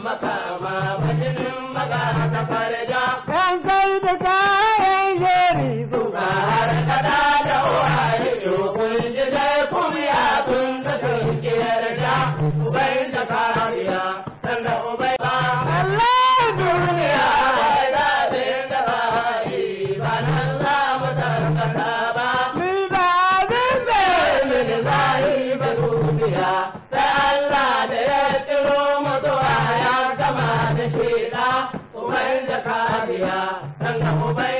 makama bajinu sai Allah da ya tsiro mutuwa ya gama da shida, umar da kariya, dan ka ubai